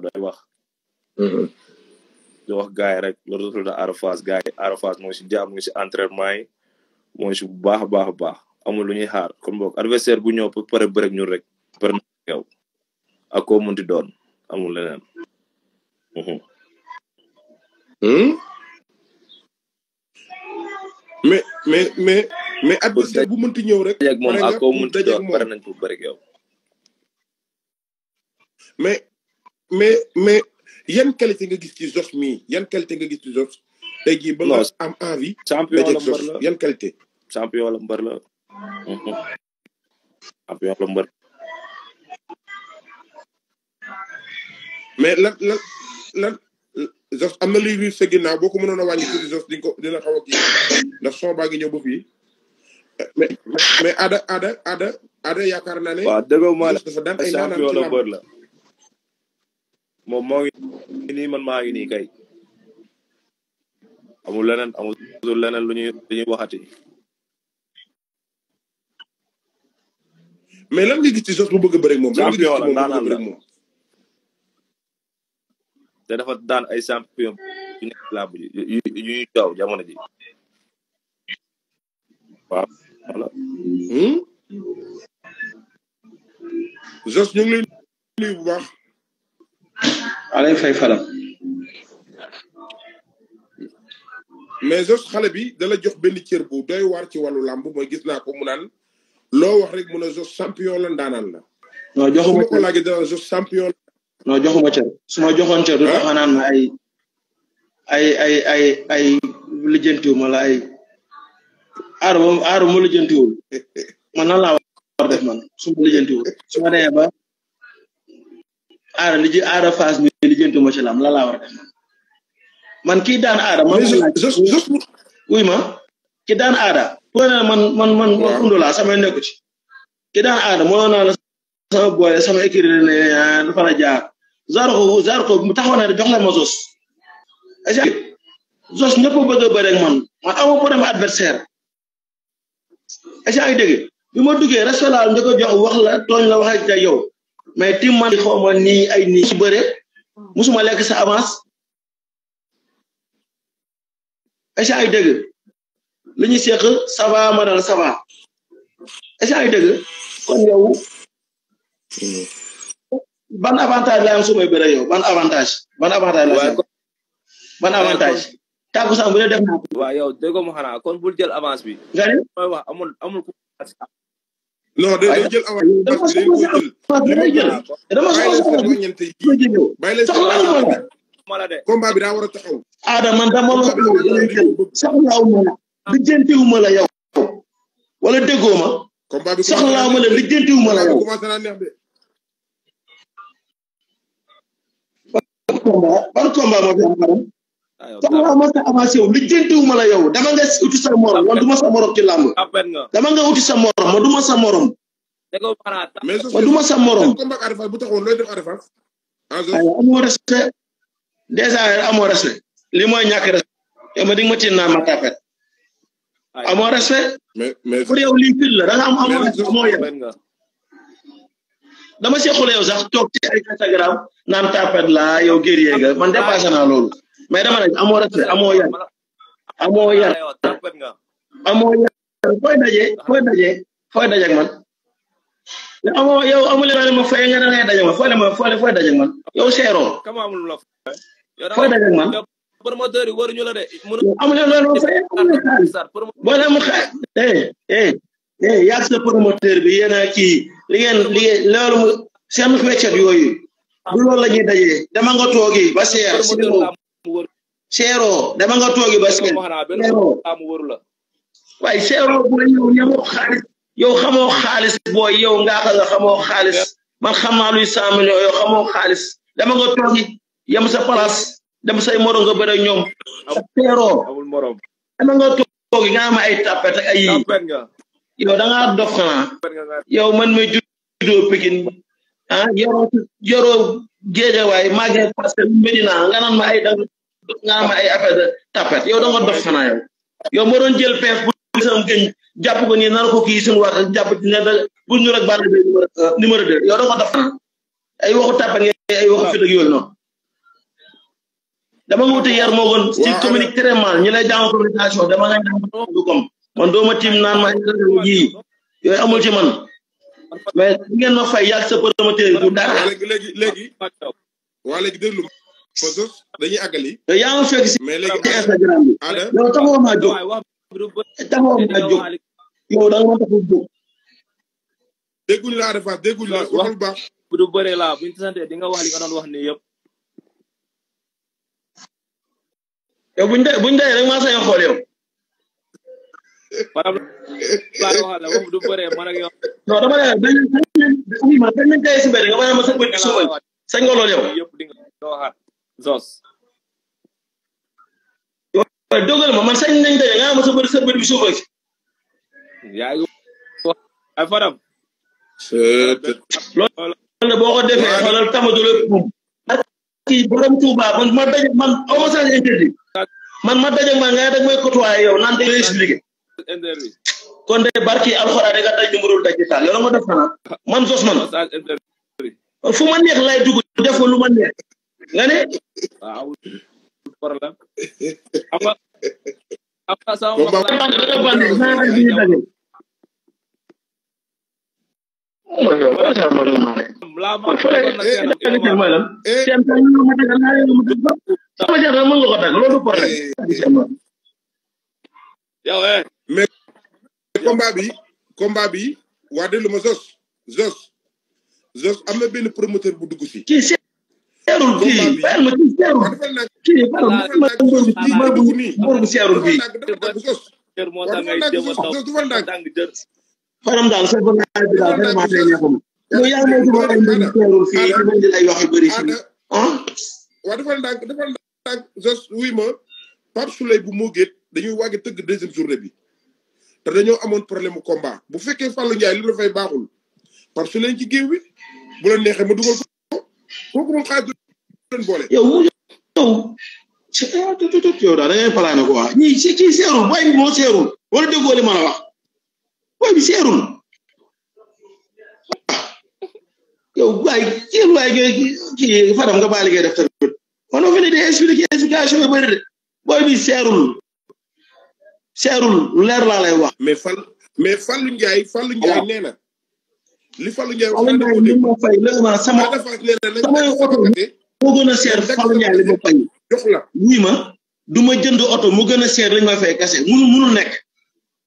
doy wax. Mm-hmm. di wax gars yi rek loolu la tudd Arafas gars Arafas moo ngi si jàmm ngi si entraînement yi moo ngi bu baax a baax a baax amul lu ñuy xaar kon boog adversaire bu ñëw pour pare bëreeg ñun rek pare na yow ak munti doon amul leneen. Mm-hmm. Hmm? mais mais mais mais adversaire bu munti ñëw rek. dajeeg moom ak koo munti doon pare nañ pour bëreeg yow. mais mais yan qualité nga gis ci Zoss mii yan qualité nga gis ci Zoss. tey jii ba am envie. champion la yan qualité. champion la mbër la. champion la mbër. am na luy ruus sa ginnaaw boo ko mënoon a wàññi tuuti ko dina xaw a kii ndax son baa ngi ñëw ba fii. mais Ada Ada Ada Ada yaakaar naa ne. waaw dëgg la dafa daan ay moom moo ngi nii man maa ngi nii kay amul leneen amul leneen lu ñuy lu ñuy waxati. mais lan nga gis ci Zoss bu bëgg a bëri moom. champion te dafa daan ay sant yu nekk làmb ji yu yu yu jaww jamono ji. waaw voilà. Zoss hmm? alay fay falam mais jos xale bi dala jox benn cër bu doy waar ci wàllu làmb mooy gis naa ko mu naan loo wax rek mu ne jos champion la ndaanaan la non joxuma ko laajee dala jos champion la non joxoon cër du naan ma ay ay ay ay ay lijjantiwul ma ay aaru aaru ma lijjantiwul man nan laa war def man su ma lijjantiwul su ma ba ara li fas ni li jentu ma ci la la war def man ki daan ara man oui ma ki daan aara pour man man man ndo la sama nekku ci ki daan ara mo na la sama boy sama écrit ne la ah, fa la jaar zarqo zarqo mu taxawna jox la ma zos zos ñepp bëgg bëre ak man ma amu problème adversaire est ay dégg bima duggé rasulallah la ndako jox wax la togn la wax ak yow mais timman di xaw ma nii ay nii ci bëre musuma sa avance est-ce ay dëgg li ñu seq ça va ma dal ay dëgg kon yow ban avantage lay am su may bëre yow ban avantage ban avantage la ban avantage tàggu sax bu dee def naa ko waaw kon bul jël avance bi nga ne amul amul non day jël avance bi daa war a taxaw. Adama man dama la soxlaawu ma la lijjantiwu ma la yow. wala bi soxlaawu ma la lijjantiwu ma la yow. Ah, soxla moo tax avancé wu lijjantiwuma la yow dama nga uti sa morom man du ma sa morom ci dama nga uti du ma sa morom man du ma sa morom ah, ma di ma ci naa ma tapet amoo respect pour yow lii fit la da nga am respect dama see xule yow sax toog ci ay Instagram naan tapet laa yow guerrier nga man dépassé loolu mais dama ne amoo respect amoo yar amoo yar amoo yar fooy dajee fooy dajee fooy dajee ak man amoo yow amul naa ne ma fay nga ne ngay daje ma fooy ma man yow seeroo fooy daje man promoteur yi de amul naa ne ma fay amul mu xaalis eh eh eh yaa sa promoteur bi yéen a kii li ngeen li ngeen loolu yooyu bu loolu la ñuy dajee dama nga toogi ba seer si Sero, dama nga togi ba sen. Sero, am wor la. Way sero bu yow yow xaalis, yow xamo xaalis boy yow nga xala xamo xaalis. Man xama lu 100 millions yow xamo xaalis. Dama nga togi yam sa place, dem say moro nga bëre ñom. Sero, amul morom. Dama nga togi nga ma ay tapet ak ay Yow da nga dof xana. Yow man may juddo Pekin. Ah, yow yoro geje way magé passé Medina nga nan ma ay dang dof nga am ay affaire de tapet yo da nga dof xanaa yow yow moo doon jël pees bu sam gëñ jàpp ko nii naan ko kii suñu wax ne da bu ñu rek bàll bi numéro dof xanaa ay waxu tapet ngay ay waxu fit ak yooyu noonu dama wute yar moo gën ci communique mal ñu lay jàng communication dama nga jàng du kom man dooma tiim naan ma ji yooyu amul ci man mais ngeen ma fay yàgg sa promoteur du dara léegi léegi léegi waa léegi Mansour dañuy àggali. yaa ngi fekk si Instagram bi. yow taxawoo maa jóg taxawoo maa a yow da nga ma tax a jóg. dégguñu la Ada dégguñu la waxal baax. bu du bëree laa bu ñu sant di nga wax li nga doon wax nii yëpp. yow buñ de buñ de rek maa sañ a xool yow. bu du bëree man ak yow. dama ne la dañ dañ leen dañ ma ne ma sañ nga lool Zos. dogal ma man sañ nañ nga ma bi ay faram tamadu borom man ma man sañ interdit man ma dag yow day expliquer kon barki fu ma lay dugg defo luma neex nga ne. waaw for la. xam nga. xam nga sama mbokk laa ma mais combat bi combat bi waa déglu ma Zos Zos Zos am na benn promoteur bu dugg si. seerul fii fayal ma kii seerul kii fayal ma ma mbër bu kii mbër bu mbër bu seerul fii kër moo tax ngay jëm a taw tàng jër faram daal sa bëgg naa bi daal vraiment day neexum lu yàlla moo tuba ay mbër seerul fii di mën di lay wax yu bëri fii ah waa defal ndànk defal ndànk jos wuy ma Pape Souley bu Mougét dañuy waaj a tëgg deuxième journée bi te dañoo amoon problème combat bu fekkee Fallou Ndiaye li la fay baaxul Pape Souley ci géew bi bu la neexee ma dugal ko bokkul woon xaalis du leen yow mu yow yow daal da ko waa ñii ci ci seerul booy bi moo seerul wala déggoo li ma la wax booy bi seerul yow waay yéen waay kii Fadam nga baal ngay def tamit on a ki di expliquer explication yu bëri de booy bi seerul seerul leer laa lay wax. mais Fall mais lu Ndiaye Fallou Ndiaye nee na. li Fallou Ndiaye wax dëgg yàlla li ma fay vraiment sama samay oto moo gën a seer Fallou Ndiaye li ma fay. jox ma du ma jënd oto mu gën a seer lañ ma fay kese munu munul nekk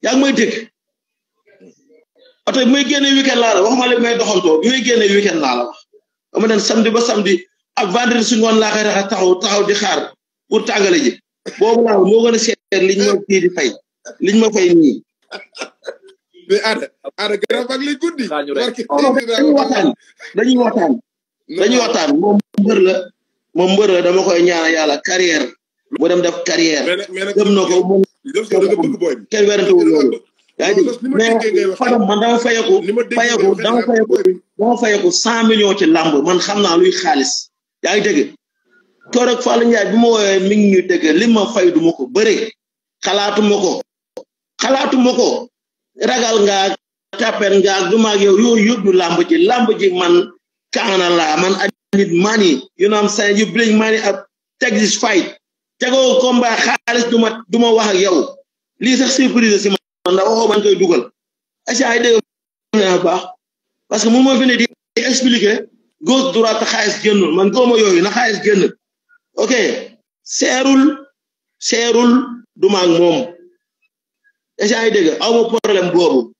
yaa ngi may dégg oto bi may génnee la wax ma la may doxantoo bi may génnee laa la wax. dama dem samedi ba samedi ak vendredi su ngoon laa taxaw taxaw di xaar pour tàngale ji boobu laa moo gën a liñ ma kii di fay liñ ma fay nii. mais Ada Ada gën a mag li guddi. dañuy waxtaan dañuy waxtaan. dañuy waxtaan moom mbër la moom mbër la dama koy ñaan yàlla carrière mu dem def carrière. dem na ko moom kenn werante wu loolu. yaa ngi mais Fadam man dama fayeku fayeku dama fayeku dama fayeku cent millions ci làmb man xam naa luy xaalis yaa ngi dégg. keroog Fallou Ndiaye bi ma woowee mi ngi ñu dégg li ma fay du ma ko bëre xalaatu ma ko xalaatu ma ko. ragal nga tapen nga duma yow yu yobbu lamb ji lamb ji man kana la man I need money you know I'm saying you bring money up take this fight tego combat xaalis duma duma wax ak yow li sax surprise ci man da waxo man koy duggal asa ay de baax parce que mo mo di expliquer gauche droite xaalis gennul man goma yoy na xaalis genn ok serul serul duma ak mom est-ce que ay dégg aw ma problème boobu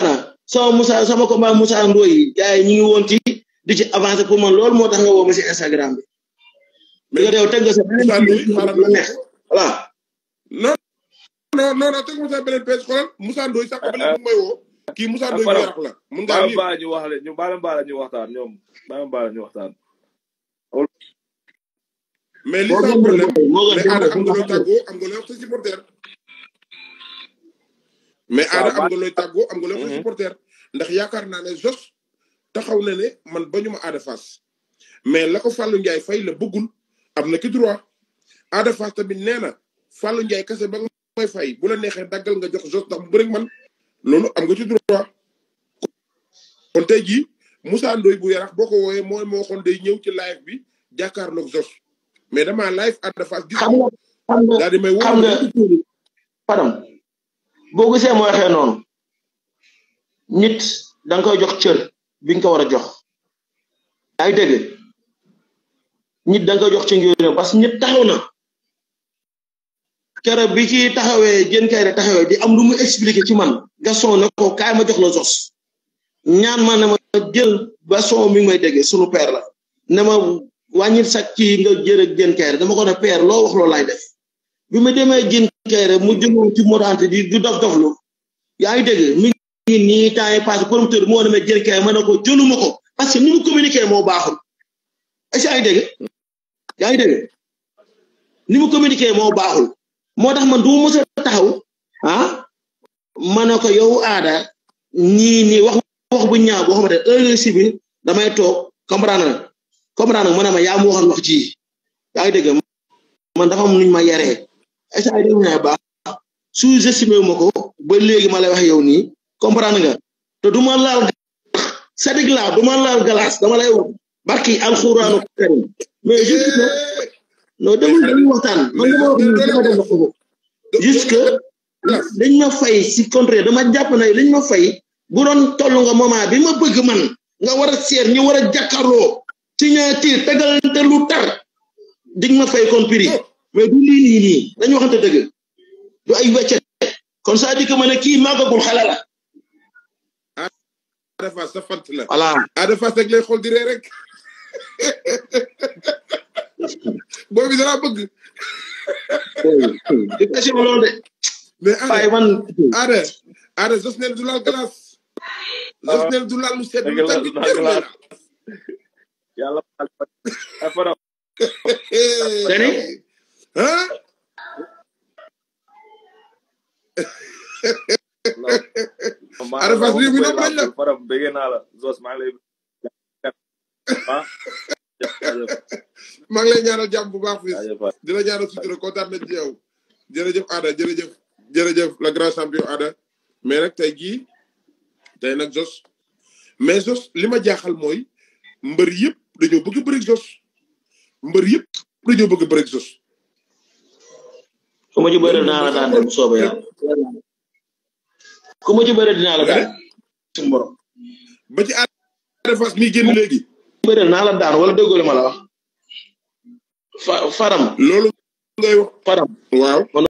ana sama Moussa sama combat Moussa Ndoye gars yi ñu ngi woon ci di ci avancé pour man loolu moo tax nga woo ma si Instagram bi dëgg la yow teg nga sa beneen neex sa beneen page ba kii Moussa Ndoye ñu la mun ngaa nii baala ñu wax le ñu baala ñu waxtaan ñoom baala baala ñu waxtaan mais li sa problème mais aada am nga loo mais aada am nga looy tàggoo am nga looy fa mhm. ndax yaakaar naa ne Zoss taxaw na ne man bañu ma aada Fass mais la ko njaay Ndiaye fay la bëggul am na ki droit aada Fass tamit nee na Fallou Ndiaye kese ba nga bu la neexee daggal nga jox Zoss ndax mu bëri man loolu am nga ci droit kon tey jii Moussa Ndoye bu yarax boo ko wooyee mooy moo waxoon day ñëw ci live bi jàkkaarloog Zoss mais damaa live aada Fass gis daal di may woo pardon boo gisee mooy waxee noonu nit danga nga jox cër bi nga ko war a jox ay dégg nit da nga jox ci ngir parce que nit taxaw na keroog bi ci taxawee gën kay ne taxawee di am lu mu expliqué ci man Gaston ne ko kaay ma jox la jos ñaan ma ne ma jël Gaston mi ngi may dégg sunu peer la ne ma wàññil sa ci nga jërë gën kay dama ko ne loo wax loolu laay def bi ma demee jin kay rek mu jëloon ci moo morante di du dof doflu yaa ngi dégg mi ngi nii temps yi passé promoteur moo demee jin kay ma ne ko jëluma ko parce que ni mu communiqué moo baaxul est-ce que yaa ngi dégg yaa ngi mu communiqué moo baaxul moo tax man du ma mës taxaw ah ma ne ko yow aada ñii nii wax wax bu ñaaw boo xamante heure si damay toog comprendre na comprendre na ma ne ma yaa mu waxoon wax ji yaa ngi dégg man dafa am nuñ ma yaree état réew na baax sous estimé wu ko ba léegi ma lay wax yow nii comprendre nga te du ma laal sadik laa du ma laal galas dama lay wax barki alxuraanu karim mais juste que non demul dañuy man dama wax nii dama dem ko juste que dañ ma fay si contraire dama jàpp ne liñ ma fay bu doon toll nga moment bi ma bëgg man nga war a seet ñu war a jàkkaarloo signature tegalante lu tar diñ ma fay kon prix mais du lii nii nii nañu waxante dëgg du ay weccet kon ça dit que ma ne kii màggagul Ada Fass sa fant la. Ada Fass rek lay xool di ree rek. booy bi bëgg. di tase ma loolu de. mais man Ada Ada jos neel du laal glace. jos neel du laal lu sedd Huh? عارف عايزين مين اقول لك الفرق بيجينا على زو اسماعيل maa ngi bu baax fii di la ñaanal sutura kontaan nañ ci yow jërëjëf Ada jërëjëf jërëjëf la grand champion Ada merek nag tey jii tey nag Jos mais Jos li ma jaaxal mooy mbër yëpp dañoo bëgg bëri Jos mbër yëpp dañoo ku ma ci bëre dinaa la daan dem ku ma ci bëre dinaa la daan suñu borom ba ci Ada Fass mi génn léegi bëre naa la daan wala déggoo ma la wax fa faram loolu ngay wax faram